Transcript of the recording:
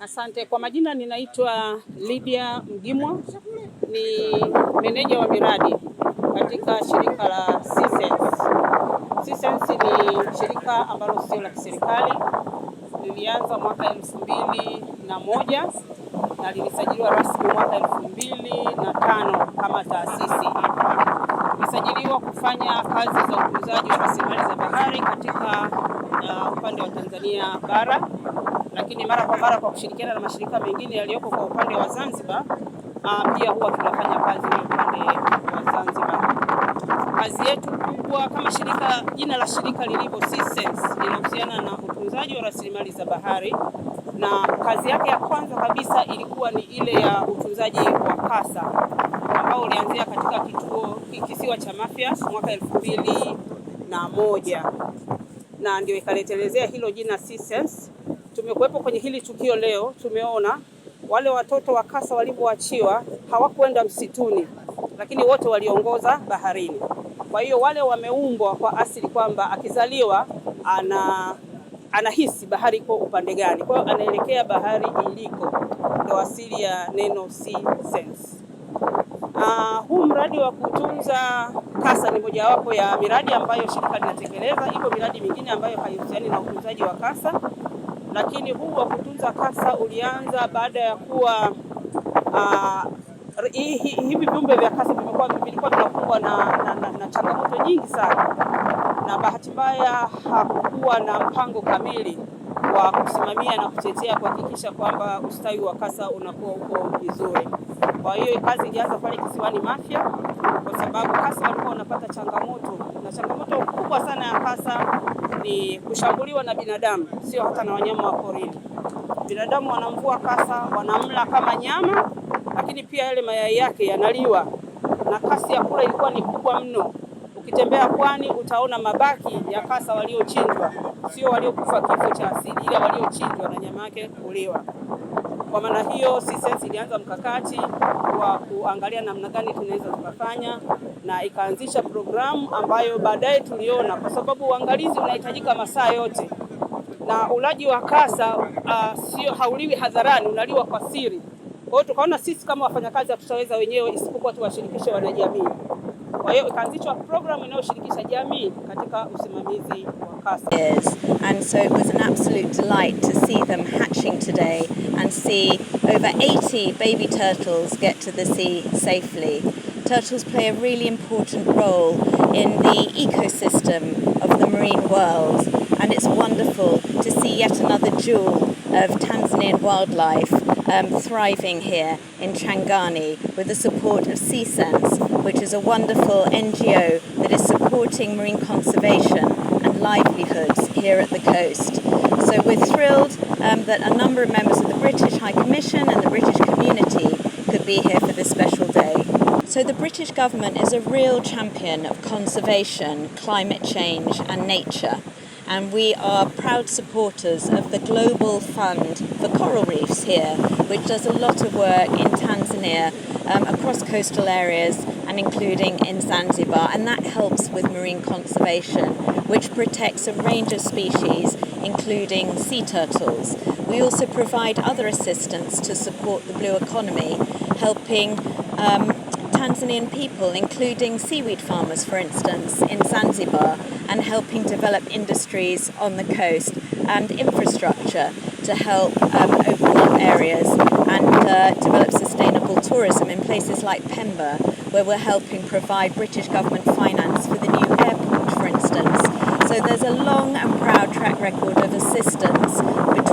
Asante kwa majina, ninaitwa Lydia Mgimwa, ni meneja wa miradi katika shirika la Sisense. Sisense ni shirika ambalo sio la kiserikali, lilianza mwaka elfu mbili na moja na lilisajiliwa rasmi mwaka elfu mbili na tano kama taasisi. Ilisajiliwa kufanya kazi za utunzaji wa rasilimali za bahari katika uh, upande wa Tanzania bara lakini mara kwa mara kwa kushirikiana na mashirika mengine yaliyoko kwa upande wa Zanzibar, ah, pia huwa tunafanya kazi na upande wa Zanzibar. Kazi yetu kubwa kama shirika, jina la shirika lilivyo SeaSense linahusiana na utunzaji wa rasilimali za bahari, na kazi yake ya kwanza kabisa ilikuwa ni ile ya utunzaji wa kasa ambao ulianzia katika kituo kisiwa cha Mafia mwaka elfu mbili na moja na ndio ikaletelezea hilo jina SeaSense tumekuwepo kwenye hili tukio leo, tumeona wale watoto wa kasa walivyoachiwa hawakwenda msituni, lakini wote waliongoza baharini. Kwa hiyo wale wameumbwa kwa asili kwamba akizaliwa ana anahisi bahari iko upande gani, kwa hiyo anaelekea bahari iliko, ndio asili ya neno sea sense. Uh, huu mradi wa kutunza kasa ni mojawapo ya miradi ambayo shirika linatekeleza. Ipo miradi mingine ambayo haihusiani na utunzaji wa kasa, lakini huu wa kutunza kasa ulianza baada ya kuwa uh, hivi viumbe vya kasa vimekuwa vilikuwa vinakumbwa na, na, na, na changamoto nyingi sana, na bahati mbaya hakukuwa na mpango kamili wa kusimamia na kutetea kuhakikisha kwamba ustawi wa kasa unakuwa uko vizuri. Kwa hiyo kazi ilianza pale kisiwani Mafia, kwa sababu kasa walikuwa wanapata changamoto, na changamoto kubwa sana ya kasa ni kushambuliwa na binadamu, sio hata na wanyama wa porini. Binadamu wanamvua kasa, wanamla kama nyama, lakini pia yale mayai yake yanaliwa, na kasi ya kula ilikuwa ni kubwa mno. Ukitembea pwani utaona mabaki ya kasa waliochinjwa, sio waliokufa kifo cha asili, ila waliochinjwa na nyama yake kuliwa. Kwa maana hiyo CCS ilianza mkakati wa kuangalia namna gani tunaweza tukafanya, na ikaanzisha programu ambayo baadaye tuliona, kwa sababu uangalizi unahitajika masaa yote, na ulaji wa kasa uh, sio hauliwi hadharani, unaliwa kwa siri. Kwa hiyo tukaona sisi kama wafanyakazi hatutaweza wenyewe, isipokuwa tuwashirikishe wanajamii. Kwa hiyo ikaanzishwa programu inayoshirikisha jamii katika usimamizi wa Yes, and so it was an absolute delight to see them hatching today and see over 80 baby turtles get to the sea safely. Turtles play a really important role in the ecosystem of the marine world and it's wonderful to see yet another jewel of Tanzanian wildlife um, thriving here in Changani with the support of SeaSense, which is a wonderful NGO that is supporting marine conservation and livelihoods here at the coast. So we're thrilled um, that a number of members of the British High Commission and the British community could be here for this special day. So, the British government is a real champion of conservation, climate change, and nature and we are proud supporters of the Global Fund for Coral Reefs here, which does a lot of work in Tanzania um, across coastal areas and including in Zanzibar, and that helps with marine conservation, which protects a range of species, including sea turtles. We also provide other assistance to support the blue economy, helping um, Tanzanian people, including seaweed farmers, for instance, in Zanzibar, and helping develop industries on the coast and infrastructure to help um, open up areas and uh, develop sustainable tourism in places like Pemba, where we're helping provide British government finance for the new airport, for instance. So there's a long and proud track record of assistance